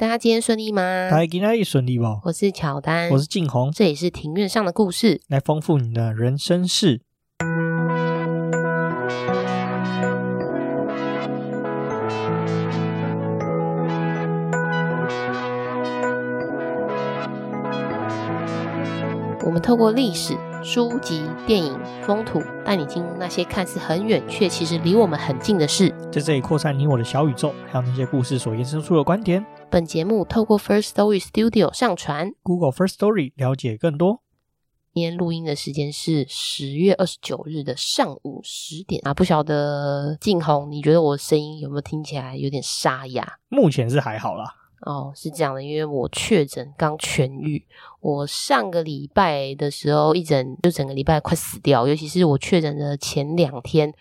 大家今天順利嗎？大家今天也順利嗎？我是巧丹，我是晉弘，這也是庭院上的故事，來豐富你的人生事。透過歷史、書籍、電影、風土，帶你進入那些看似很遠却其實離我們很近的事。在這裡擴散你我的小宇宙，還有那些故事所延伸出的觀點。本節目透過 First Story Studio 上傳 Google First Story，了解更多。今天錄音的時間是十月二十九日的上午十點啊，不曉得晉弘，你覺得我的聲音有沒有聽起來有點沙啞？目前是還好啦。哦，是這樣的，因為我確診剛痊癒，我上個禮拜的時候一整就整個禮拜快死掉，尤其是我確診的前兩天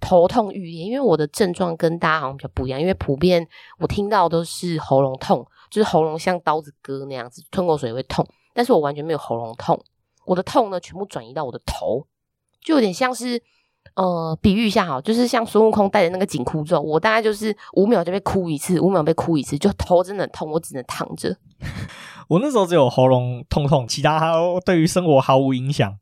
頭痛欲裂，因為我的症狀跟大家好像比較不一樣，因為普遍我聽到都是喉嚨痛，就是喉嚨像刀子割那樣子，吞口水也會痛，但是我完全沒有喉嚨痛，我的痛呢全部轉移到我的頭，就有點像是。呃，比喻一下好，就是像孫悟空戴的那個緊箍咒，我大概就是五秒就被箍一次，五秒被箍一次，就頭真的痛，我只能躺着。我那時候只有喉嚨痛痛，其他對於生活毫無影響。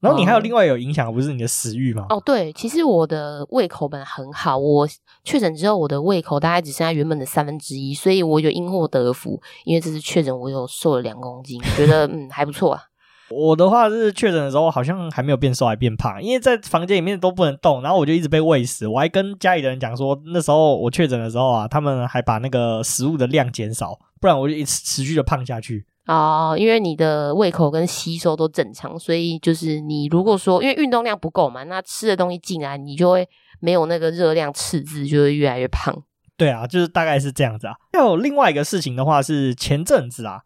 然後你還有另外有影響，哦、不是你的食欲嗎？哦，對，其實我的胃口本來很好，我確診之後，我的胃口大概只剩下原本的三分之一，3, 所以我有因禍得福，因為這次確診，我有瘦了兩公斤， 覺得嗯還不錯啊。我的話是確診的時候，好像還沒有變瘦，還變胖，因為在房間裡面都不能動，然後我就一直被餵食。我還跟家裡的人講說，那時候我確診的時候啊，他們還把那個食物的量減少，不然我就一直持續的胖下去。哦，因為你的胃口跟吸收都正常，所以就是你如果說因為運動量不夠嘛，那吃的東西進來，你就會沒有那個熱量赤字，就會越來越胖。對啊，就是大概是這樣子啊。還有另外一個事情的話是前陣子啊。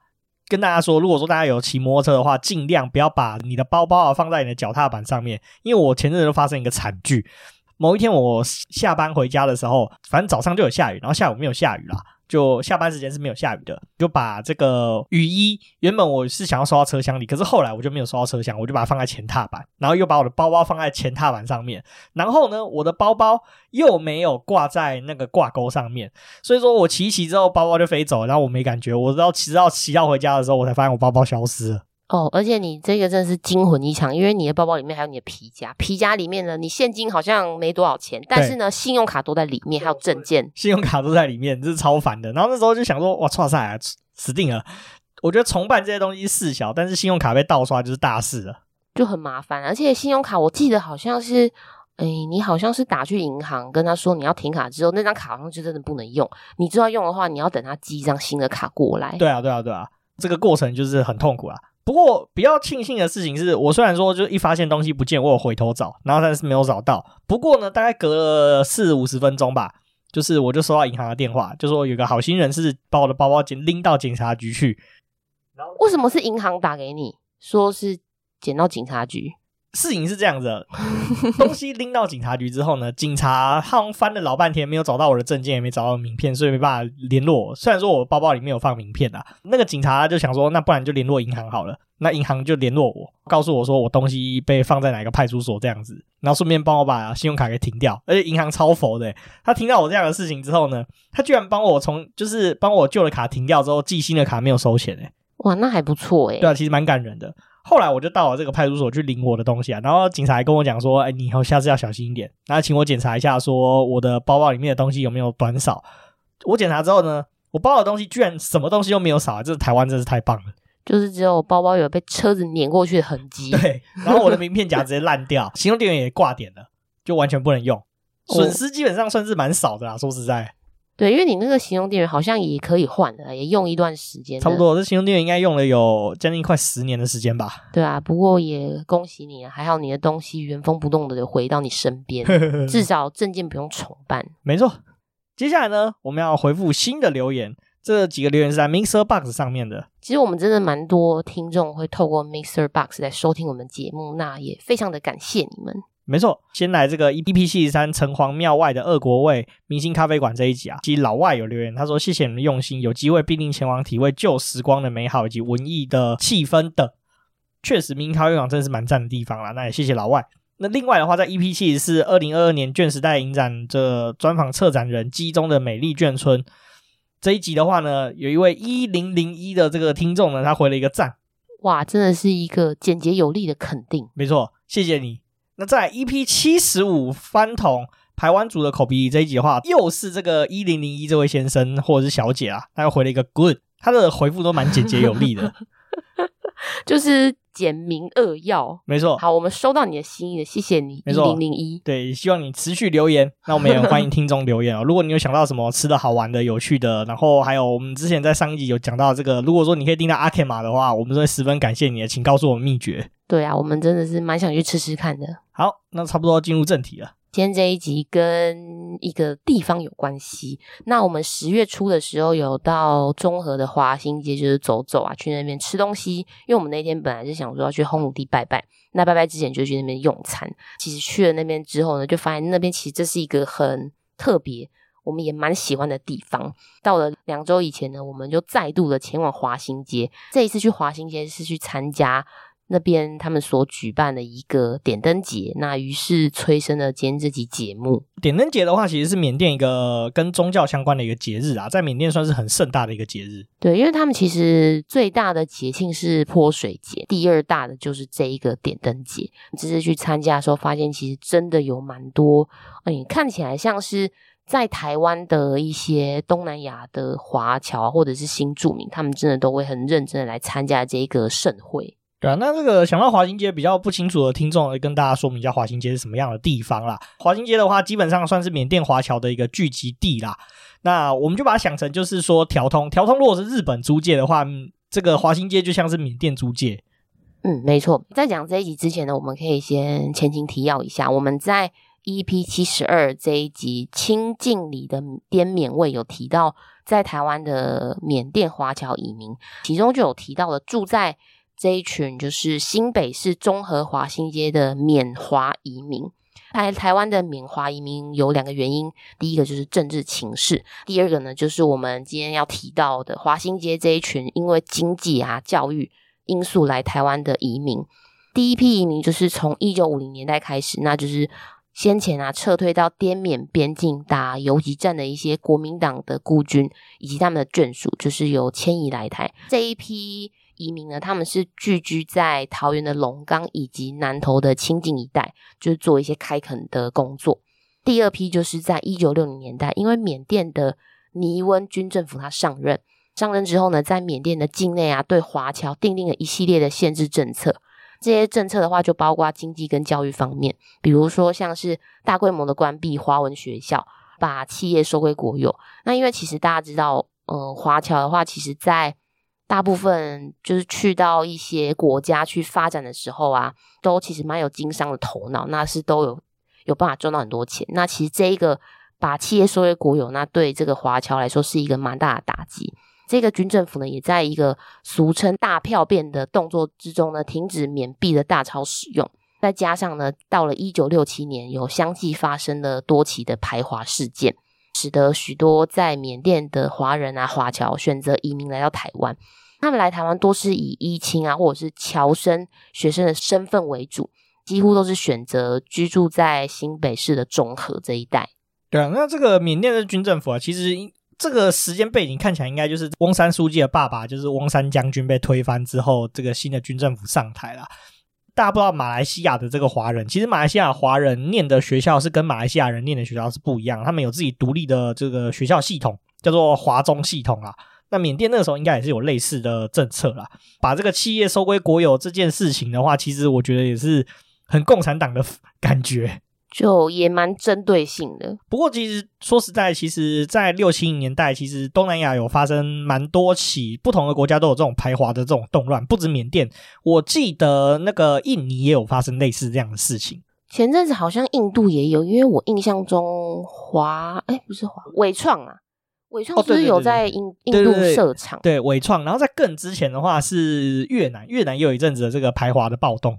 跟大家說，如果說大家有騎摩托車的話，盡量不要把你的包包啊放在你的腳踏板上面，因為我前陣子都發生一個慘劇，某一天我下班回家的時候，反正早上就有下雨，然後下午沒有下雨啦。就下班時間是沒有下雨的，就把這個雨衣原本我是想要收到車廂裡，可是後來我就沒有收到車廂，我就把它放在前踏板，然後又把我的包包放在前踏板上面，然後呢，我的包包又沒有掛在那個掛鈎上面，所以說我騎一騎之後包包就飛走了，然後我沒感覺，我直到騎到騎到回家的時候，我才發現我包包消失了。哦，而且你這個真的是驚魂一場，因為你的包包裡面還有你的皮夾，皮夾裡面呢，你現金好像沒多少錢，但是呢，對信用卡都在裡面，對還有證件，信用卡都在裡面，這是超煩的。然後那時候就想說，哇，操，了，死定了！我覺得重辦這些東西事小，但是信用卡被盜刷就是大事了，就很麻煩。而且信用卡我記得好像是，哎，你好像是打去銀行跟他說你要停卡之後，那張卡好像就真的不能用，你知道要用的話，你要等他寄一張新的卡過來。對啊，對啊，對啊，這個過程就是很痛苦啊。不過比較慶幸的事情是我雖然說就一發現東西不見，我有回頭找，然後但是沒有找到。不過呢，大概隔了四五十分鐘吧，就是我就收到銀行的電話，就說有個好心人士把我的包包撿拎到警察局去。然後為什麼是銀行打給你，說是撿到警察局？事情是這樣子的，東西拎到警察局之後呢， 警察他翻了老半天，沒有找到我的證件，也沒找到名片，所以沒辦法聯絡我。雖然說我包包裡面有放名片啊，那個警察就想說，那不然就聯絡銀行好了。那銀行就聯絡我，告訴我說我東西被放在哪個派出所這樣子，然後順便幫我把信用卡給停掉。而且銀行超佛的、欸，他聽到我這樣的事情之後呢，他居然幫我從就是幫我舊的卡停掉之後，寄新的卡沒有收錢誒、欸、哇，那還不錯誒、欸，對啊，其實蠻感人的。後來我就到了這個派出所去領我的東西啊，然後警察還跟我講說：“哎，你以後下次要小心一點。”然後請我檢查一下，說我的包包裡面的東西有沒有短少。我檢查之後呢，我包的東西居然什麼東西都沒有少、啊，這個、台灣真是太棒了。就是只有包包有被車子碾過去的痕跡，對。然後我的名片夾直接爛掉， 行動電源也掛點了，就完全不能用，損失基本上算是蠻少的啦。說實在。對，因為你那個行動電源好像也可以換了，也用一段時間。差不多，這行動電源應該用了有將近快十年的時間吧。對啊，不過也恭喜你，啊，還好你的東西原封不動的回到你身邊， 至少證件不用重辦。沒錯，接下來呢，我們要回復新的留言。這幾個留言是在 MixerBox 上面的。其實我們真的蠻多聽眾會透過 MixerBox 來收聽我們節目，那也非常的感謝你們。沒錯，先來這個 EP 七十三，城隍廟外的俄國味明星咖啡館，這一集啊，其實老外有留言，他說，謝謝你的用心，有機會必定前往體會舊時光的美好以及文藝的氣氛等。確實，明星咖啡館真是蠻讚的地方啦，那也謝謝老外。那另外的話，在 E P 七十四二零二二年卷時代影展這專訪策展人記憶中的美麗眷村這一集的話呢，有一位一零零一的這個聽眾呢，他回了一個讚。哇，真的是一個簡潔有力的肯定。沒錯，謝謝你。那在 EP 七十五番桶台灣組的口鼻這一集的話，又是這個一零零一這位先生或者是小姐啊，他又回了一個 good，他的回復都蠻簡潔有力的， 就是簡明扼要，沒錯。好，我們收到你的心意了，謝謝你一零零一，沒錯，對，希望你持續留言，那我們也歡迎聽眾留言哦。 如果你有想到什麼吃的好玩的、有趣的，然後還有我們之前在上一集有講到這個，如果說你可以訂到阿 K 瑪的話，我們都會十分感謝你的，請告訴我們秘訣。對啊，我們真的是蠻想去吃吃看的。好，那差不多要進入正題了。今天這一集跟一個地方有關係。那我們十月初的時候有到中和的華新街，就是走走啊，去那邊吃東西。因為我們那天本來是想說要去烘爐地拜拜，那拜拜之前就去那邊用餐。其實去了那邊之後呢，就發現那邊其實這是一個很特別，我們也蠻喜歡的地方。到了兩週以前呢，我們就再度的前往華新街。這一次去華新街是去參加，那邊他們所舉辦的一個點燈節，那於是催生了今天這集節目。點燈節的話，其實是緬甸一個跟宗教相關的一個節日啊，在緬甸算是很盛大的一個節日。對，因為他們其實最大的節慶是潑水節，第二大的就是這一個點燈節。只是去參加的時候，發現其實真的有蠻多，哎、欸，看起來像是在台灣的一些東南亞的華僑、啊、或者是新住民，他們真的都會很認真的來參加這一個盛會。啊、嗯，那這個想到華新街比較不清楚的聽眾，跟大家說明一下華新街是什麼樣的地方啦。華新街的話，基本上算是緬甸華僑的一個聚集地啦。那我們就把它想成，就是說條通，條通如果是日本租界的話，這個華新街就像是緬甸租界。嗯，沒錯。在講這一集之前呢，我們可以先前情提要一下。我們在 EP 七十二這一集《清境裡的滇緬味》有提到，在台灣的緬甸華僑移民，其中就有提到了住在。這一群就是新北市中和華新街的緬華移民來台灣的緬華移民有兩個原因，第一個就是政治情勢，第二個呢就是我們今天要提到的華新街這一群因為經濟啊、教育因素來台灣的移民。第一批移民就是從一九五零年代開始，那就是先前啊撤退到滇緬邊境打游擊戰的一些國民黨的孤軍以及他們的眷屬，就是由遷移來台這一批。移民呢，他們是聚居在桃園的龍崗以及南投的清境一帶，就是做一些開墾的工作。第二批就是在一九六零年代，因為緬甸的尼溫軍政府他上任，上任之後呢，在緬甸的境內啊，對華僑訂定了一系列的限制政策。這些政策的話，就包括經濟跟教育方面，比如說像是大規模的關閉華文學校，把企業收歸國有。那因為其實大家知道，呃，華僑的話，其實，在大部分就是去到一些國家去發展的時候啊，都其實蠻有經商的頭腦，那是都有有辦法賺到很多錢。那其實這一個把企業收為國有，那對這個華僑來說是一個蠻大的打擊。這個軍政府呢，也在一個俗稱“大票變”的動作之中呢，停止緬幣的大鈔使用。再加上呢，到了一九六七年，有相繼發生了多起的排華事件。使得許多在緬甸的華人啊、華僑選擇移民來到台灣，他們來台灣多是以依親啊或者是僑生學生的身份為主，幾乎都是選擇居住在新北市的中和這一帶。對啊，那這個緬甸的軍政府啊，其實這個時間背景看起來應該就是翁山書記的爸爸，就是翁山將軍被推翻之後，這個新的軍政府上台了。大家不知道馬來西亞的這個華人，其實馬來西亞華人唸的學校是跟馬來西亞人唸的學校是不一樣的，他們有自己獨立的這個學校系統，叫做華中系統啊。那緬甸那個時候應該也是有類似的政策啦。把這個企業收歸國有這件事情的話，其實我覺得也是很共產黨的感覺。就也蠻針對性的。不過，其實說實在，其實，在六七零年代，其實東南亞有發生蠻多起不同的國家都有這種排華的這種動亂，不止緬甸。我記得那個印尼也有發生類似這樣的事情。前陣子好像印度也有，因為我印象中華，哎，不是華，緯創啊，緯創是不是有在印、哦、對對對對印度設廠。對，緯創。然後在更之前的話是越南，越南又有一陣子的這個排華的暴動。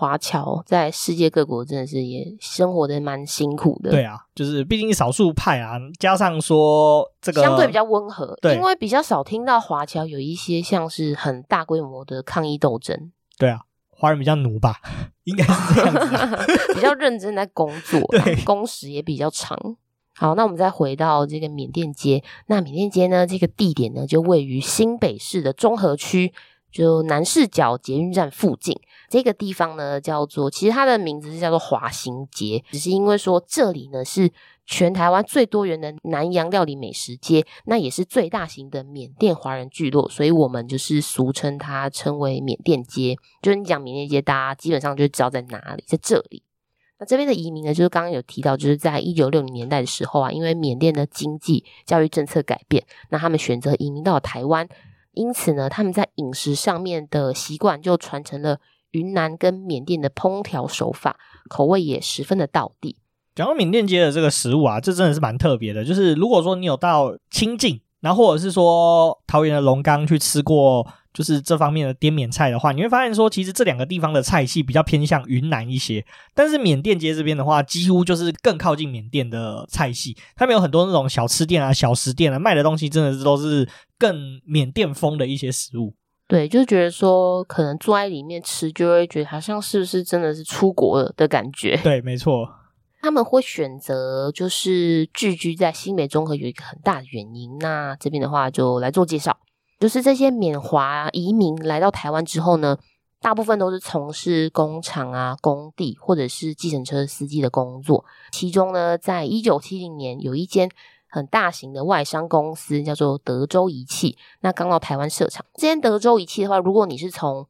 華僑在世界各國真的是也生活得蠻辛苦的。對啊，就是畢竟少數派啊，加上說這個相對比較溫和，因為比較少聽到華僑有一些像是很大規模的抗議鬥爭。對啊，華人比較奴吧，應該是這樣， 比較認真在工作，工時也比較長。好，那我們再回到這個緬甸街，那緬甸街呢，這個地點呢就位於新北市的中和區。就南勢角捷運站附近這個地方呢，叫做其實它的名字是叫做華新街，只是因為說這裡呢是全台灣最多元的南洋料理美食街，那也是最大型的緬甸華人聚落，所以我們就是俗稱它稱為緬甸街。就是你講緬甸街，大家基本上就知道在哪裡，在這裡。那這邊的移民呢，就是剛剛有提到，就是在一九六零年代的時候啊，因為緬甸的經濟教育政策改變，那他們選擇移民到台灣。因此呢，他們在飲食上面的習慣就傳承了雲南跟緬甸的烹調手法，口味也十分的道地。講到緬甸街的這個食物啊，這真的是蠻特別的。就是如果說你有到清境，然後或者是說桃園的龍岡去吃過。就是這方面的滇緬菜的話，你會發現說，其實這兩個地方的菜系比較偏向雲南一些。但是緬甸街這邊的話，幾乎就是更靠近緬甸的菜系，他們有很多那種小吃店啊、小食店啊，賣的東西真的是都是更緬甸風的一些食物。對，就是覺得說，可能坐在裡面吃，就會覺得好像是不是真的是出國了的感覺？對，沒錯。他們會選擇就是聚居在新北中和有一個很大的原因。那這邊的話，就來做介紹。就是這些緬華移民來到台灣之後呢，大部分都是從事工廠啊、工地或者是計程車司機的工作。其中呢，在一九七零年有一間很大型的外商公司叫做德州儀器，那剛到台灣設廠。這間德州儀器的話，如果你是從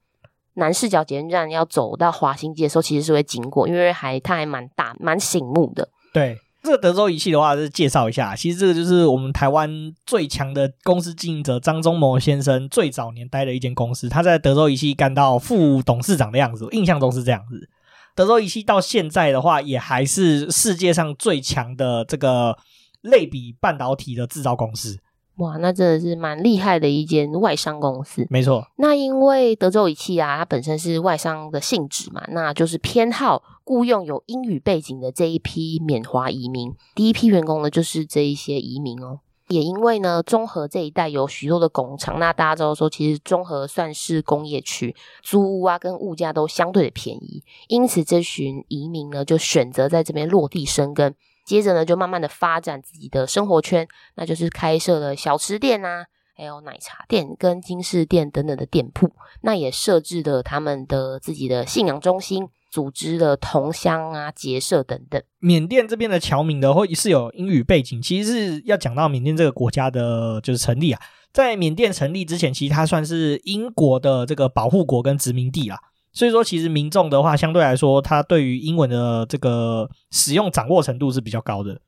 南勢角捷運站要走到華新街的時候，其實是會經過，因為還它還蠻大、蠻醒目的。對。這個德州儀器的話，是介紹一下。其實這個就是我們台灣最強的公司經營者張忠謀先生最早年待的一間公司。他在德州儀器幹到副董事長的樣子，印象中是這樣子。德州儀器到現在的話，也還是世界上最強的這個類比半導體的制造公司。哇，那真的是蠻厲害的一間外商公司。沒錯錯，那因為德州儀器啊，它本身是外商的性質嘛，那就是偏好雇傭有英語背景的這一批緬華移民。第一批員工呢，就是這一些移民哦。也因為呢，中和這一帶有許多的工廠，那大家知道說，其實中和算是工業區，租屋啊跟物價都相對的便宜，因此這群移民呢就選擇在這邊落地生根。接着呢，就慢慢的發展自己的生活圈，那就是開設了小吃店啊，還有奶茶店，跟金飾店等等的店鋪。那也設置了他們的自己的信仰中心，組織了同鄉啊結社等等。緬甸這邊的僑民呢，會是有英語背景，其實是要講到緬甸這個國家的就是成立啊。在緬甸成立之前，其實它算是英國的這個保護國跟殖民地啊。所以說，其實民眾的話，相對來說，他對於英文的這個使用掌握程度是比較高的。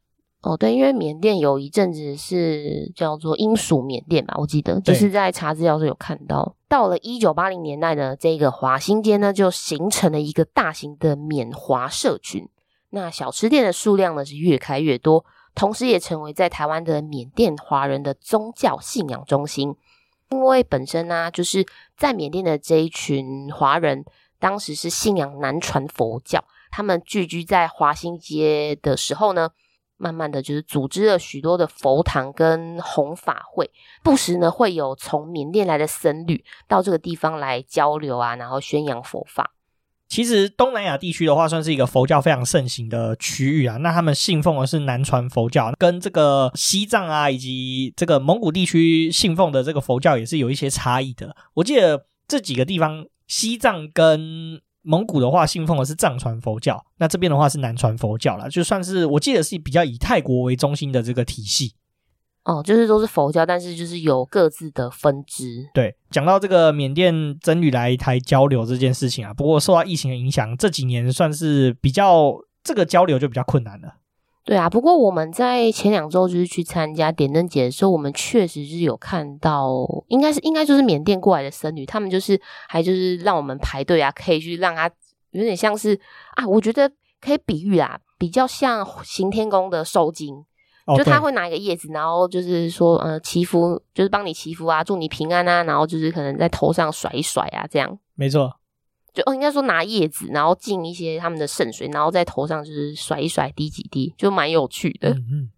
哦，對，因為緬甸有一陣子是叫做英屬緬甸吧，我記得對就是在查資料時候有看到，到了一九八零年代呢，這個華新街呢，就形成了一個大型的緬華社群。那小吃店的數量呢是越開越多，同時也成為在台灣的緬甸華人的宗教信仰中心。因為本身呢、啊，就是在緬甸的這一群華人，當時是信仰南傳佛教。他們聚居在華新街的時候呢，慢慢的就是組織了許多的佛堂跟弘法會，不時呢會有從緬甸來的僧侶到這個地方來交流啊，然後宣揚佛法。其實東南亞地區的話，算是一個佛教非常盛行的區域啊。那他們信奉的是南傳佛教，跟這個西藏啊，以及這個蒙古地區信奉的這個佛教也是有一些差異的。我記得這幾個地方，西藏跟蒙古的話信奉的是藏傳佛教，那這邊的話是南傳佛教啦，就算是我記得是比較以泰國為中心的這個體系。哦，就是都是佛教，但是就是有各自的分支。對，講到這個緬甸僧侶來台交流這件事情啊，不過受到疫情的影響，這幾年算是比較這個交流就比較困難了。對啊，不過我們在前兩週就是去參加點燈節的時候，我們確實是有看到，應該是應該就是緬甸過來的僧侶，他們就是還就是讓我們排隊啊，可以去讓他有點像是啊，我覺得可以比喻啦、啊，比較像行天宮的收驚。就他會拿一個葉子，oh, 對然後就是說，呃，祈福，就是幫你祈福啊，祝你平安啊，然後就是可能在頭上甩一甩啊，這樣。沒錯，就哦，應該說拿葉子，然後浸一些他們的聖水，然後在頭上就是甩一甩，滴幾滴，就蠻有趣的。嗯嗯，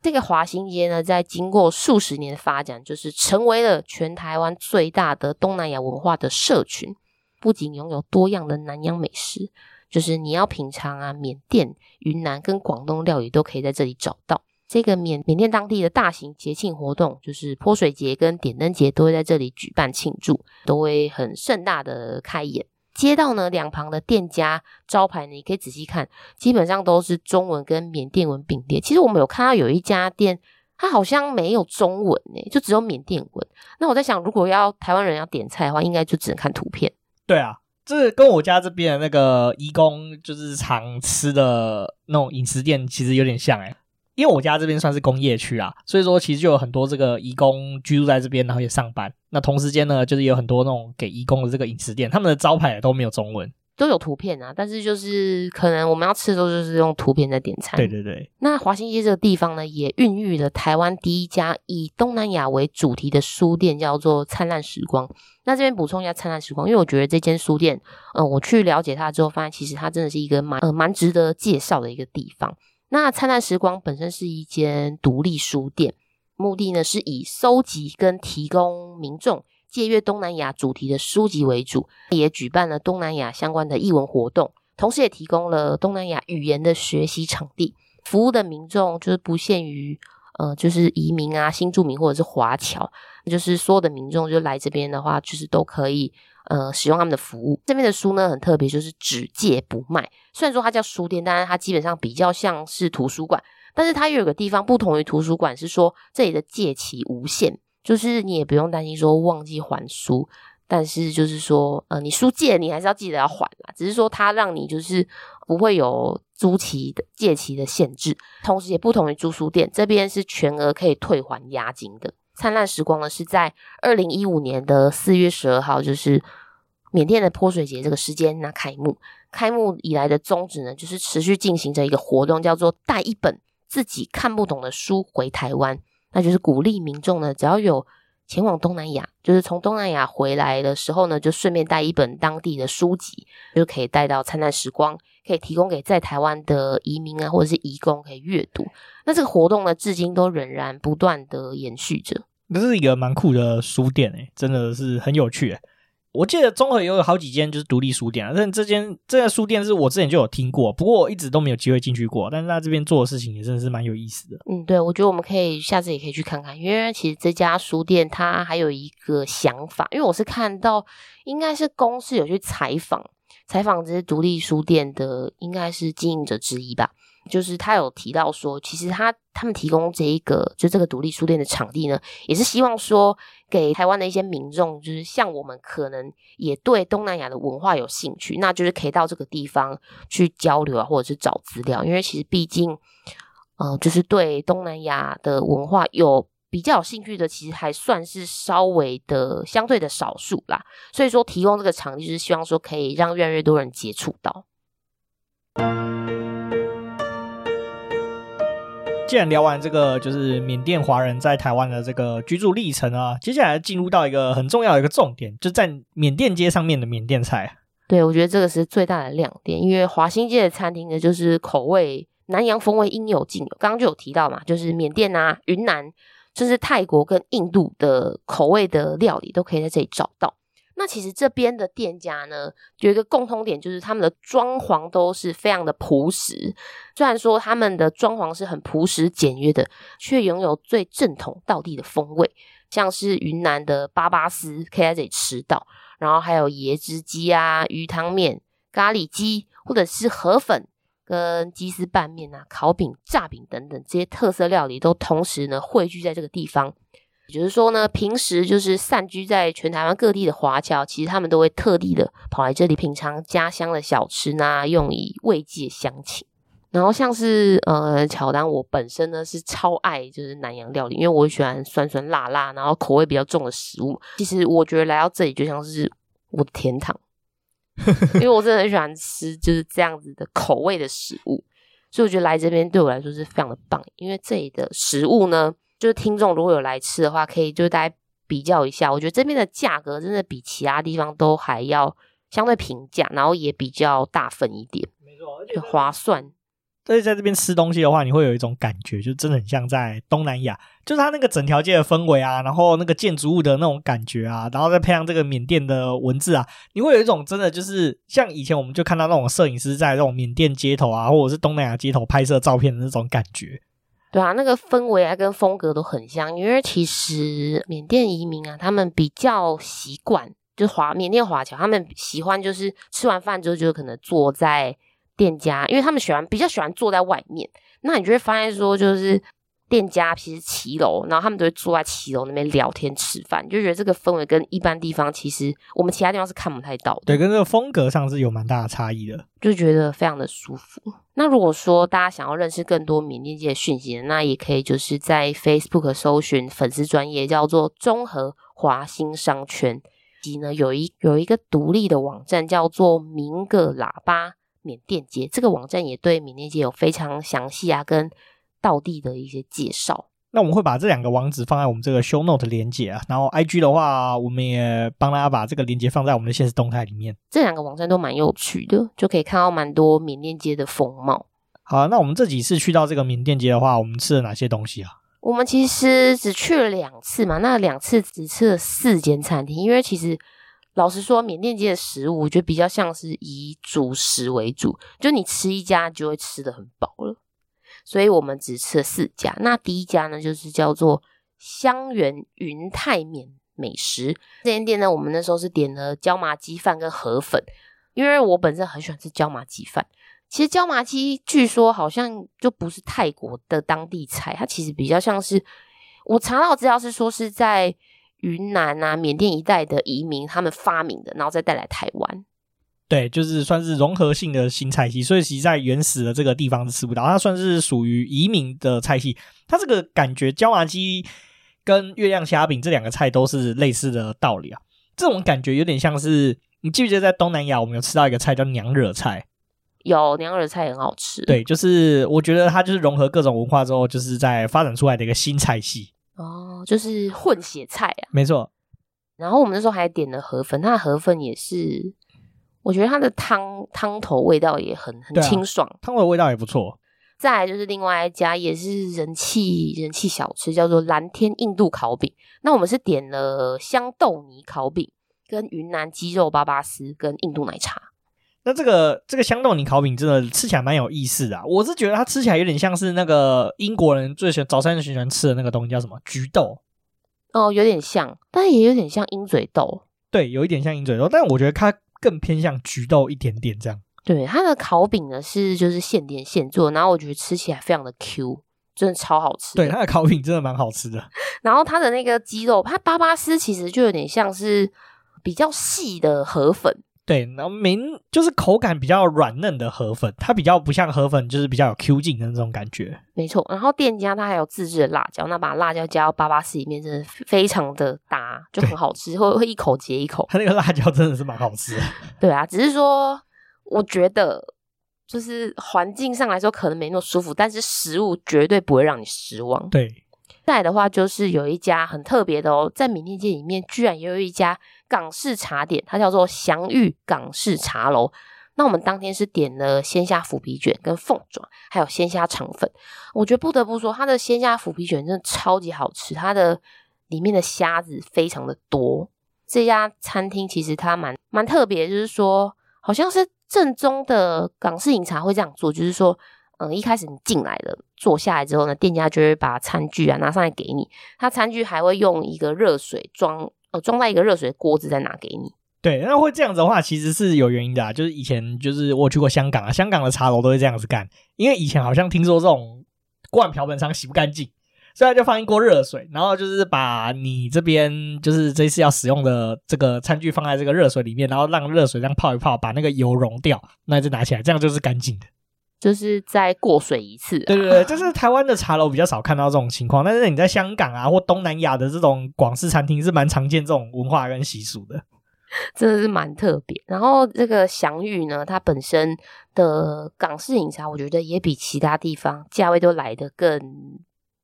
這個華新街呢，在經過數十年的發展，就是成為了全台灣最大的東南亞文化的社群，不僅擁有多樣的南洋美食。就是你要品嘗啊，緬甸、雲南跟廣東料理都可以在這裡找到。這個緬緬甸當地的大型節慶活動，就是潑水節跟點燈節，都會在這裡舉辦慶祝，都會很盛大的開演。街道呢，兩旁的店家招牌呢，你可以仔細看，基本上都是中文跟緬甸文並列。其實我們有看到有一家店，它好像沒有中文誒、欸，就只有緬甸文。那我在想，如果要台灣人要點菜的話，應該就只能看圖片。對啊。就是跟我家這邊那個移工，就是常吃的那種飲食店，其實有點像哎、欸，因為我家這邊算是工業區啊，所以說其實就有很多這個移工居住在這邊，然後也上班。那同時間呢，就是有很多那種給移工的這個飲食店，他們的招牌也都沒有中文。都有圖片啊，但是就是可能我們要吃的時候，就是用圖片在點餐。對對對，那華新街這個地方呢，也孕育了台灣第一家以東南亞為主題的書店，叫做燦爛時光。那這邊補充一下燦爛時光，因為我覺得這間書店，嗯、呃，我去了解它之後，發現其實它真的是一個蠻呃蠻值得介紹的一個地方。那燦爛時光本身是一間獨立書店，目的呢是以收集跟提供民眾。借閱東南亞主題的書籍為主，也舉辦了東南亞相關的藝文活動，同時也提供了東南亞語言的學習場地。服務的民眾就是不限於，呃，就是移民啊、新住民或者是華僑，就是所有的民眾就來這邊的話，就是都可以呃使用他們的服務。這邊的書呢很特別，就是只借不賣。雖然說它叫書店，但是它基本上比較像是圖書館。但是它又有個地方不同於圖書館，是說這裡的借期無限。就是你也不用擔心說忘記還書，但是就是說，呃，你書借你還是要記得要還啦、啊。只是說他讓你就是不會有租期的借期的限制，同時也不同於租書店，這邊是全額可以退還押金的。燦爛時光呢是在二零一五年的四月十二號，就是緬甸的潑水節這個時間那開幕。開幕以來的宗旨呢，就是持續進行着一個活動，叫做帶一本自己看不懂的書回台灣。那就是鼓勵民眾呢，只要有前往東南亞，就是從東南亞回來的時候呢，就順便帶一本當地的書籍，就可以帶到燦爛時光，可以提供給在台灣的移民啊或者是移工可以閱讀。那這個活動呢，至今都仍然不斷的延續着。這是一個蠻酷的書店誒、欸，真的是很有趣，欸。我記得中和也有好幾間就是獨立書店啊，但這間這家書店是我之前就有聽過，不過我一直都沒有機會進去過。但是他這邊做的事情也真的是蠻有意思的。嗯，對，我覺得我們可以下次也可以去看看，因為其實這家書店它還有一個想法，因為我是看到應該是公司有去採訪採訪這些獨立書店的，應該是經營者之一吧。就是他有提到說，其實他他們提供這一個就這個獨立書店的場地呢，也是希望說給台灣的一些民眾，就是像我們可能也對東南亞的文化有興趣，那就是可以到這個地方去交流啊，或者是找資料，因為其實畢竟，呃，就是對東南亞的文化有比較有興趣的，其實還算是稍微的相對的少數啦。所以說，提供這個場地，就是希望說可以讓越來越多人接觸到。嗯既然聊完這個，就是緬甸華人在台灣的這個居住歷程啊，接下來進入到一個很重要的一個重點，就在緬甸街上面的緬甸菜。對，我覺得這個是最大的亮點，因為華新街的餐廳呢，就是口味南洋風味應有盡有。剛剛就有提到嘛，就是緬甸啊、雲南，甚至泰國跟印度的口味的料理，都可以在這裡找到。那其實這邊的店家呢，有一個共通點，就是他們的裝潢都是非常的樸實。雖然說他們的裝潢是很樸實簡約的，卻擁有最正統道地的風味，像是雲南的粑粑絲、可以在這裡吃到，然後還有椰汁雞啊、魚湯面、咖喱雞，或者是河粉、跟雞絲拌麵啊、烤餅、炸餅等等這些特色料理，都同時呢匯聚在這個地方。就是說呢，平時就是散居在全台灣各地的華僑，其實他們都會特地的跑來這裡品嘗家鄉的小吃那、啊、用以慰藉鄉情。然後像是呃，巧丹，我本身呢是超愛就是南洋料理，因為我喜歡酸酸辣辣，然後口味比較重的食物。其實我覺得來到這裡就像是我的天堂， 因為我真的很喜歡吃就是這樣子的口味的食物，所以我覺得來這邊對我來說是非常的棒，因為這裡的食物呢。就是聽眾如果有來吃的話，可以就大家比較一下。我覺得這邊的價格真的比其他地方都還要相對平價，然後也比較大份一點，沒錯，而且划算。所以在這邊吃東西的話，你會有一種感覺，就真的很像在東南亞。就是它那個整條街的氛圍啊，然後那個建築物的那種感覺啊，然後再配上這個緬甸的文字啊，你會有一種真的就是像以前我們就看到那種攝影師在那種緬甸街頭啊，或者是東南亞街頭拍攝照片的那種感覺。對啊，那個氛圍啊跟風格都很像，因為其實緬甸移民啊，他們比較習慣，就華緬甸華僑，他們喜歡就是吃完飯之後就可能坐在店家，因為他們喜歡比較喜歡坐在外面，那你就會發現說就是。店家其實騎樓，然後他們都會坐在騎樓那邊聊天吃飯，就覺得這個氛圍跟一般地方其實我們其他地方是看不太到的，對，跟這個風格上是有蠻大的差異的，就覺得非常的舒服。那如果說大家想要認識更多緬甸街的訊息，那也可以就是在 Facebook 搜尋粉絲專頁叫做中和華新商圈，以及呢，有一有一個獨立的網站叫做鳴個喇叭緬甸街，這個網站也對緬甸街有非常詳細啊跟。道地的一些介紹，那我們會把這兩個網址放在我們這個 show note 連接啊，然後 IG 的話，我們也幫大家把這個連接放在我們的限時動態裡面。這兩個網站都蠻有趣的，就可以看到蠻多緬甸街的風貌。好，那我們這幾次去到這個緬甸街的話，我們吃了哪些東西啊？我們其實只去了兩次嘛，那兩次只吃了四間餐廳，因為其實老實說，緬甸街的食物我覺得比較像是以主食為主，就你吃一家就會吃得很飽了。所以我們只吃了四家。那第一家呢，就是叫做香園雲泰緬美食。這間店呢，我們那時候是點了椒麻雞飯跟河粉，因為我本身很喜歡吃椒麻雞飯。其實椒麻雞據說好像就不是泰國的當地菜，它其實比較像是，我查到資料是說是在雲南啊、緬甸一帶的移民他們發明的，然後再帶來台灣。對，就是算是融合性的新菜系，所以其實在原始的這個地方是吃不到。它算是屬於移民的菜系，它這個感覺椒麻雞跟月亮蝦餅這兩個菜都是類似的道理啊。這種感覺有點像是，你記不記得在東南亞我們有吃到一個菜叫娘惹菜？有娘惹菜很好吃，對，就是我覺得它就是融合各種文化之後，就是在發展出來的一個新菜系。哦，就是混血菜啊，沒錯。然後我們那時候還點了河粉，它的河粉也是。我覺得它的湯湯頭味道也很很清爽，湯頭、啊、的味道也不錯。再來就是另外一家也是人氣人氣小吃，叫做藍天印度烤餅。那我們是點了香豆泥烤餅、跟雲南雞肉粑粑絲，跟印度奶茶。那這個這個香豆泥烤餅真的吃起來蠻有意思的、啊，我是覺得它吃起來有點像是那個英國人最喜歡早餐喜歡吃的那個東西叫什麼？焗豆？哦，有點像，但也有點像鷹嘴豆。對，有一點像鷹嘴豆，但我覺得它。更偏向橘豆一點點這樣，對，它的烤餅呢，是就是現點現做，然後我覺得吃起來非常的 Q，真的超好吃。對，它的烤餅真的蠻好吃的，然後它的那個雞肉，它巴巴絲其實就有點像是比較細的河粉。對，然後明就是口感比較軟嫩的河粉，它比較不像河粉，就是比較有 Q 勁的那種感覺。沒錯，然後店家它還有自制的辣椒，那把辣椒加到八八四裡面，真的非常的搭，就很好吃，會對會一口接一口。它那個辣椒真的是蠻好吃。對啊，只是說我覺得就是環境上來說可能沒那麼舒服，但是食物絕對不會讓你失望。對。再來的話，就是有一家很特別的哦、喔，在緬甸街裡面，居然也有一家港式茶點，它叫做祥裕港式茶樓。那我們當天是點了鮮蝦腐皮捲、跟鳳爪，還有鮮蝦腸粉。我覺得不得不說，它的鮮蝦腐皮捲真的超級好吃，它的裡面的蝦子非常的多。這家餐廳其實它蠻蠻特別，就是說好像是正宗的港式飲茶會這樣做，就是說。嗯，一開始你進來了，坐下來之後呢，店家就會把餐具啊拿上來給你。他餐具還會用一個熱水裝，呃，裝在一個熱水鍋子再拿給你。對，那會這樣子的話，其實是有原因的啊，就是以前就是我去過香港啊，香港的茶樓都會這樣子幹，因為以前好像聽說這種鍋碗瓢盆上洗不乾淨，所以他就放一鍋熱水，然後就是把你這邊就是這次要使用的這個餐具放在這個熱水裡面，然後讓熱水這樣泡一泡，把那個油溶掉，那就拿起來，這樣就是乾淨的。就是再過水一次、啊，對對，對，就是台灣的茶樓比較少看到這種情況，但是你在香港啊或東南亞的這種廣式餐廳是蠻常見這種文化跟習俗的，真的是蠻特別。然後這個祥宇呢，它本身的港式飲茶，我覺得也比其他地方價位都來得更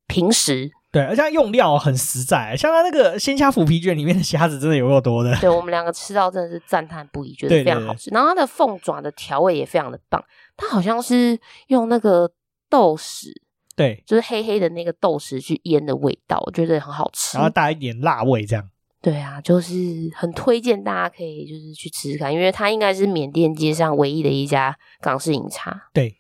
平實。對，而且它用料很實在，像它那個鮮蝦腐皮捲裡面的蝦子真的有夠多，多的，對我們兩個吃到真的是讚嘆不已，覺得非常好吃。對對對，然後它的鳳爪的調味也非常的棒。它好像是用那個豆豉，對，就是黑黑的那個豆豉去醃的味道，我覺得很好吃。然後帶一點辣味，這樣。對啊，就是很推薦大家可以就是去吃吃看，因為它應該是緬甸街上唯一的一家港式飲茶。對。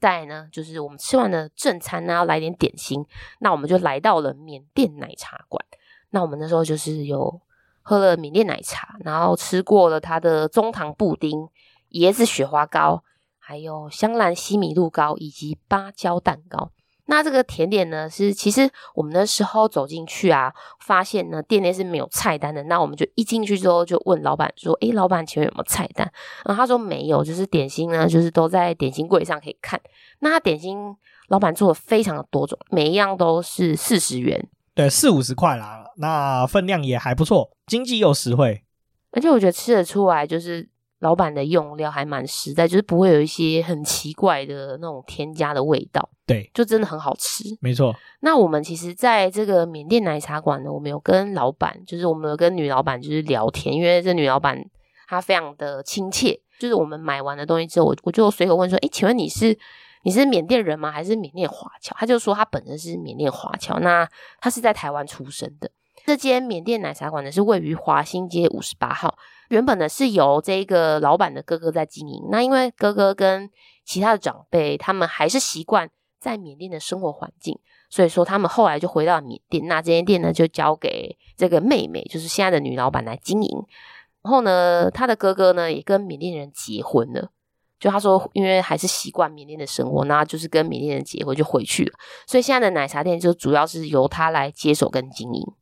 再來呢，就是我們吃完了正餐呢，要來點點心。那我們就來到了緬甸奶茶館。那我們那時候就是有喝了緬甸奶茶，然後吃過了它的中糖布丁、椰子雪花糕。還有香蘭西米露糕以及芭蕉蛋糕。那這個甜點呢，是其實我們那時候走進去啊，發現呢店內是沒有菜單的。那我們就一進去之後就問老闆說：“哎、欸，老闆請問有沒有菜單？”然、啊、後他說：“沒有，就是點心呢，就是都在點心櫃上可以看。”那點心老闆做的非常的多種，每一樣都是四十元，對，四五十塊啦。那分量也還不錯，經濟又實惠。而且我覺得吃得出來就是。老闆的用料還蠻實在，就是不會有一些很奇怪的那種添加的味道。對，就真的很好吃。沒錯。那我們其實在這個緬甸奶茶館呢，我們有跟老闆，就是我們有跟女老闆就是聊天，因為這女老闆她非常的親切。就是我們買完的東西之後，我我就隨口問說：“哎，請問你是你是緬甸人嗎？還是緬甸華僑？”她就說：“她本身是緬甸華僑，那她是在台灣出生的。”這間緬甸奶茶館呢，是位於華新街五十八號。原本呢是由這個老闆的哥哥在經營。那因為哥哥跟其他的長輩，他們還是習慣在緬甸的生活環境，所以說他們後來就回到緬甸。那這間店呢，就交給這個妹妹，就是現在的女老闆來經營。然後呢，他的哥哥呢也跟緬甸人結婚了。就他說，因為還是習慣緬甸的生活，那就是跟緬甸人結婚就回去了。所以現在的奶茶店就主要是由他來接手跟經營。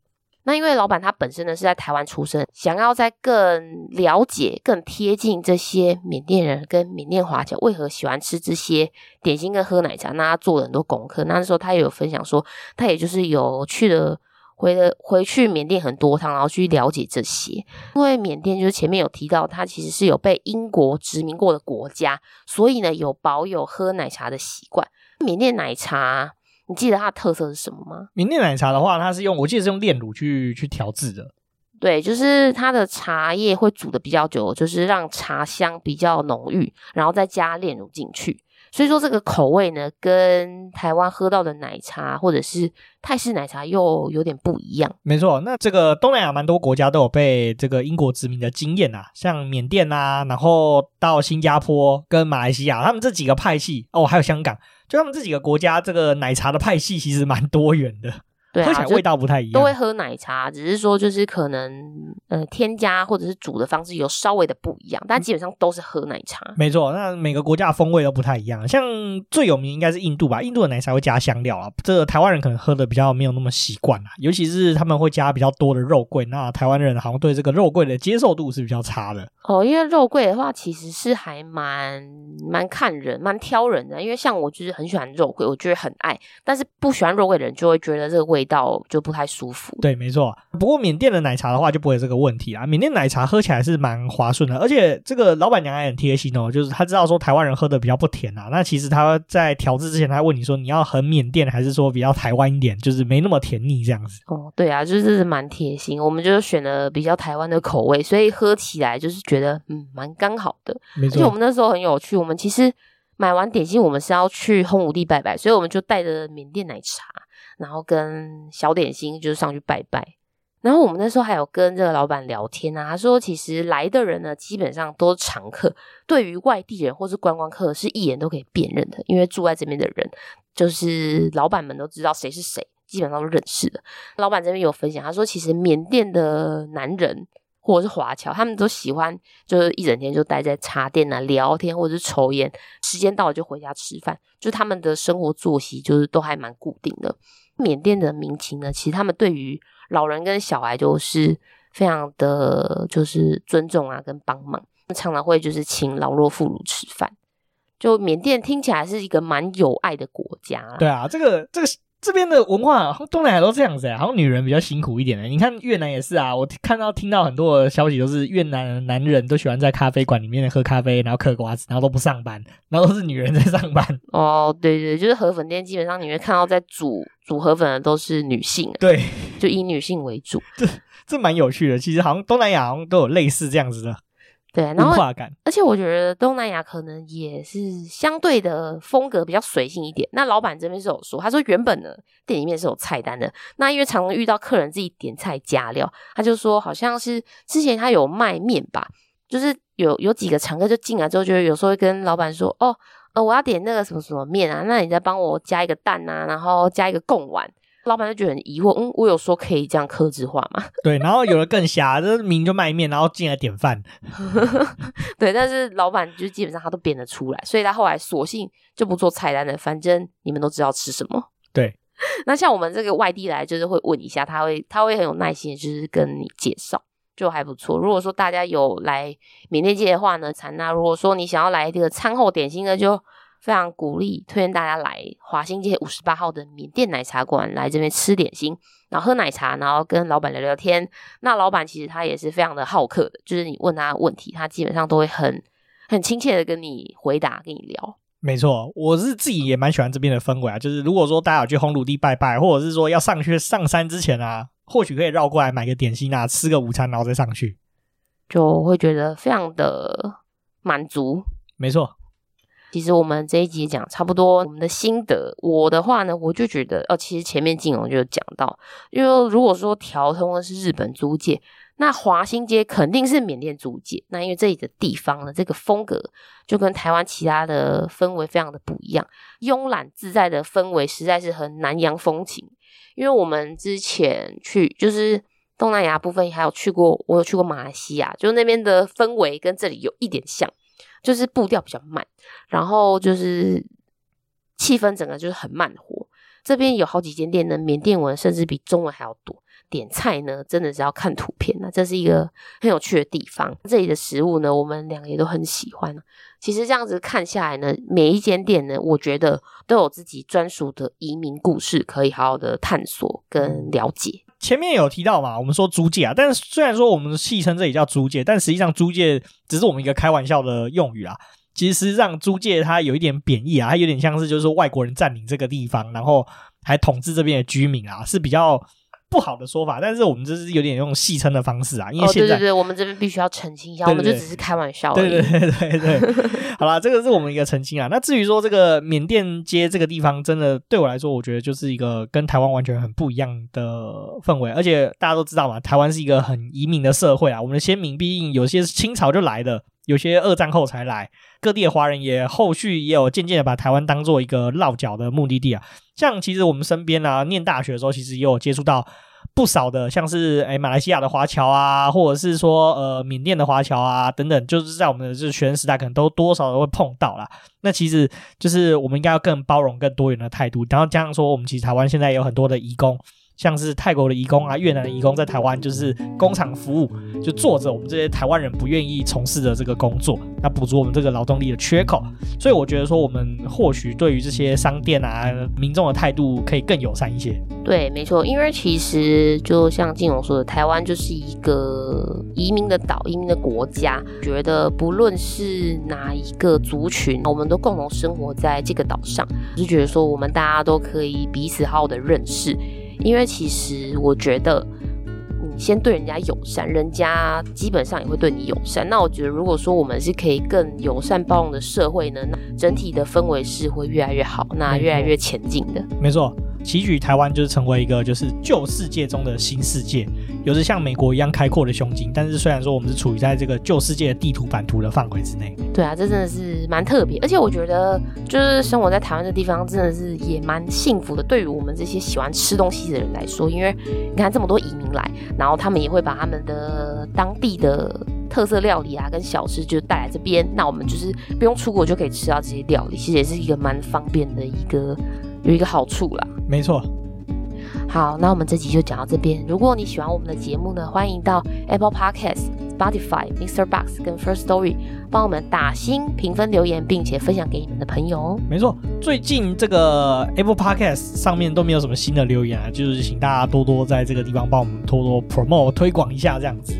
那因為老闆他本身呢是在台灣出生，想要再更了解、更貼近這些緬甸人跟緬甸華僑為何喜歡吃這些點心跟喝奶茶，那他做了很多功課。那時候他也有分享說，他也就是有去了、回了、回去緬甸很多趟，然後去了解這些。因為緬甸就是前面有提到，它其實是有被英國殖民過的國家，所以呢有保有喝奶茶的習慣。緬甸奶茶。你記得它的特色是什麼嗎？緬甸奶茶的話，它是用我記得是用煉乳去去調製的。對，就是它的茶葉會煮得比較久，就是讓茶香比較濃郁，然後再加煉乳進去。所以說這個口味呢，跟台灣喝到的奶茶或者是泰式奶茶又有點不一樣。沒錯，那這個東南亞蠻多國家都有被這個英國殖民的經驗啊，像緬甸吶、啊，然後到新加坡跟馬來西亞，他們這幾個派系哦，還有香港。就他們這幾個國家，這個奶茶的派系其實蠻多元的。對啊、喝起來味道不太一樣，都會喝奶茶，只是說就是可能呃添加或者是煮的方式有稍微的不一樣，但基本上都是喝奶茶。嗯、沒錯，那每個國家的風味都不太一樣，像最有名應該是印度吧，印度的奶茶會加香料啊，這個台灣人可能喝的比較沒有那麼習慣啊，尤其是他們會加比較多的肉桂，那台灣人好像對這個肉桂的接受度是比較差的。哦，因為肉桂的話其實是還蠻蠻看人蠻挑人的，因為像我就是很喜歡肉桂，我覺得很愛，但是不喜歡肉桂的人就會覺得這個味。味道就不太舒服，對，沒錯。不過緬甸的奶茶的話就不會這個問題啊。緬甸奶茶喝起來是蠻滑順的，而且這個老闆娘還很貼心哦。就是她知道說台灣人喝的比較不甜啊，那其實她在調製之前，她問你說你要很緬甸還是說比較台灣一點，就是沒那麼甜膩這樣子。哦，對啊，就是蠻貼心。我們就是選了比較台灣的口味，所以喝起來就是覺得嗯蠻剛好的。沒錯，就我們那時候很有趣。我們其實買完點心，我們是要去烘爐地拜拜，所以我們就帶着緬甸奶茶。然後跟小點心就是上去拜拜，然後我們那時候還有跟這個老闆聊天啊，他說，其實來的人呢，基本上都是常客。對於外地人或是觀光客，是一眼都可以辨認的，因為住在這邊的人，就是老闆們都知道誰是誰，基本上都認識的。老闆這邊有分享，他說，其實緬甸的男人或者是華僑，他們都喜歡就是一整天就待在茶店呢、啊、聊天或者是抽煙，時間到了就回家吃飯，就他們的生活作息就是都還蠻固定的。緬甸的民情呢，其實他們對於老人跟小孩都是非常的，就是尊重啊，跟幫忙，常常會就是請老弱婦孺吃飯。就緬甸聽起來是一個蠻有愛的國家啊。對啊，這個這個。這邊的文化，東南亞都這樣子哎，好像女人比較辛苦一點哎。你看越南也是啊，我看到聽到很多的消息都是越南的男人都喜歡在咖啡館裡面喝咖啡，然後嗑瓜子，然後都不上班，然後都是女人在上班。哦，對對對，就是河粉店，基本上你會看到在煮煮河粉的都是女性，對，就以女性為主。這這蠻有趣的，其實好像東南亞好像都有類似這樣子的。對，然後而且我覺得東南亞可能也是相對的風格比較隨性一點。那老闆這邊是有說，他說原本呢店裡面是有菜單的，那因為常常遇到客人自己點菜加料，他就說好像是之前他有賣麵吧，就是有有幾個常客就進來之後，就有時候會跟老闆說，哦，呃，我要點那個什麼什麼麵啊，那你再幫我加一個蛋啊，然後加一個貢丸。老闆就覺得很疑惑，嗯，我有說可以這樣客制化嗎？對，然後有的更瞎， 這名就賣麵，然後進來點飯。 對，但是老闆就基本上他都變得出來，所以他後來索性就不做菜單了，反正你們都知道吃什麼。對，那像我們這個外地來，就是會問一下，他會他會很有耐心，就是跟你介紹，就還不錯。如果說大家有來緬甸街的話呢，產娜，如果說你想要來這個餐後點心呢，就非常鼓勵推薦大家來華新街五十八號的緬甸奶茶館來這邊吃點心，然後喝奶茶，然後跟老板聊聊天。那老板其實他也是非常的好客的，就是你問他問題，他基本上都會很很親切的跟你回答，跟你聊。沒錯，我是自己也蠻喜歡這邊的氛圍啊。就是如果說大家有去烘爐地拜拜，或者是說要上去上山之前啊，或許可以繞過來買個點心啊，吃個午餐，然後再上去，就會覺得非常的滿足。沒錯。其實我們這一集講差不多我們的心得，我的話呢，我就覺得哦，其實前面晉弘就有講到，因為如果說條通的是日本租界，那華新街肯定是緬甸租界。那因為這裡的地方呢，這個風格就跟台灣其他的氛圍非常的不一樣，慵懶自在的氛圍實在是很南洋風情。因為我們之前去就是東南亞部分，還有去過，我有去過馬來西亞，就那邊的氛圍跟這裡有一點像。就是步調比較慢，然後就是氣氛整個就是很慢活。這邊有好幾間店呢，緬甸文甚至比中文還要多。點菜呢，真的是要看圖片。那這是一個很有趣的地方。這裡的食物呢，我們兩個也都很喜歡。其實這樣子看下來呢，每一間店呢，我覺得都有自己專屬的移民故事，可以好好的探索跟了解。前面有提到嘛，我們說租界啊，但是雖然說我們戲稱這也叫租界，但實際上租界只是我們一個開玩笑的用語啊。其實，實際上租界它有一點貶義啊，它有點像是就是說外國人佔領這個地方，然後還統治這邊的居民啊，是比較。不好的說法，但是我們這是有點用戲稱的方式啊，因為現在、哦、對對對，我們這邊必須要澄清一下，對對對，我們就只是開玩笑，對對對對對， 好啦，這個是我們一個澄清啊。那至於說這個緬甸街這個地方，真的對我來說，我覺得就是一個跟台灣完全很不一樣的氛圍。而且大家都知道嘛，台灣是一個很移民的社會啊，我們的先民畢竟有些是清朝就來的，有些二戰後才來。各地的華人也後續也有漸漸的把台灣當做一個落腳的目的地啊，像其實我們身邊啊，念大學的時候，其實也有接觸到不少的，像是誒馬來西亞的華僑啊，或者是說呃緬甸的華僑啊等等，就是在我們的就是學生時代，可能都多少都會碰到啦。那其實就是我們應該要更包容、更多元的態度，然後加上說，我們其實台灣現在有很多的移工。像是泰國的移工啊，越南的移工在台灣就是工廠服務，就做着我們這些台灣人不願意從事的這個工作，那補足我們這個勞動力的缺口。所以我覺得說，我們或許對於這些商店啊、民眾的態度可以更友善一些。對，沒錯，因為其實就像晉弘說的，台灣就是一個移民的島、移民的國家，覺得不論是哪一個族群，我們都共同生活在這個島上，我就覺得說我們大家都可以彼此好好的認識。因為其實我覺得，你先對人家友善，人家基本上也會對你友善。那我覺得，如果說我們是可以更友善包容的社會呢，那整體的氛圍是會越來越好，那越來越前進的。嗯，沒錯，僑居台灣就是成為一個就是舊世界中的新世界。有着像美國一樣開闊的胸襟，但是雖然說我們是處於在這個舊世界的地圖版圖的範圍之內，對啊，這真的是蠻特別。而且我覺得，就是生活在台灣這地方，真的是也蠻幸福的。對於我們這些喜歡吃東西的人來說，因為你看這麼多移民來，然後他們也會把他們的當地的特色料理啊、跟小吃就帶來這邊，那我們就是不用出國就可以吃到這些料理，其實也是一個蠻方便的一個，有一個好處啦。沒錯。好，那我們這集就講到這邊。如果你喜歡我們的節目呢，歡迎到 Apple Podcasts、Spotify、MixerBox 跟 First Story 幫我們打星、評分、留言，並且分享給你們的朋友。沒錯，最近這個 Apple Podcast 上面都沒有什麼新的留言啊，就是請大家多多在這個地方幫我們多多 promote 推廣一下，這樣子。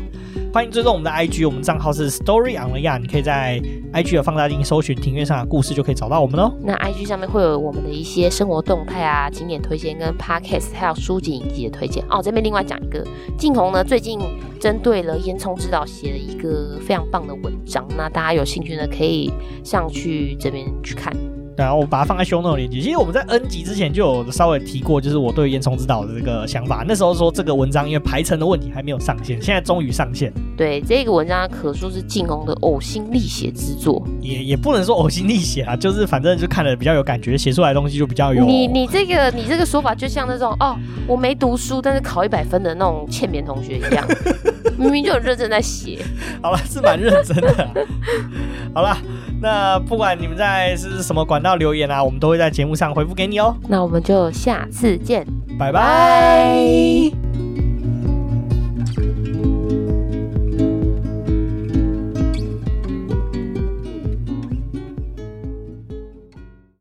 歡迎追蹤我們的 IG，我們賬號是 Story on the Yard 你可以在 IG 的放大鏡搜尋庭院上的故事，就可以找到我們嘍、哦。那 IG 上面會有我們的一些生活動態啊、景點推薦、跟 Podcast 還有書籍以及推薦哦。這邊另外講一個，晉弘呢最近針對了煙囪之島寫了一個非常棒的文章，那大家有興趣呢可以上去這邊去看。對啊，我把它放在胸那種年紀。其實我們在 N 集之前就有稍微提過，就是我對煙囪之島的這個想法。那時候說這個文章因為排程的問題還沒有上線，現在終於上線。對，這個文章可說是晉弘的嘔心瀝血之作。也也不能說嘔心瀝血啊，就是反正就看了比較有感覺，寫出來的東西就比較有。你你這個你這個說法就像那種哦，我沒讀書但是考一百分的那種欠扁同學一樣， 明明就很認真在寫。好了，是蠻認真的。 好了。那不管你們在是什麼管道留言啊，我們都會在節目上回復給你哦。那我們就下次見，拜拜。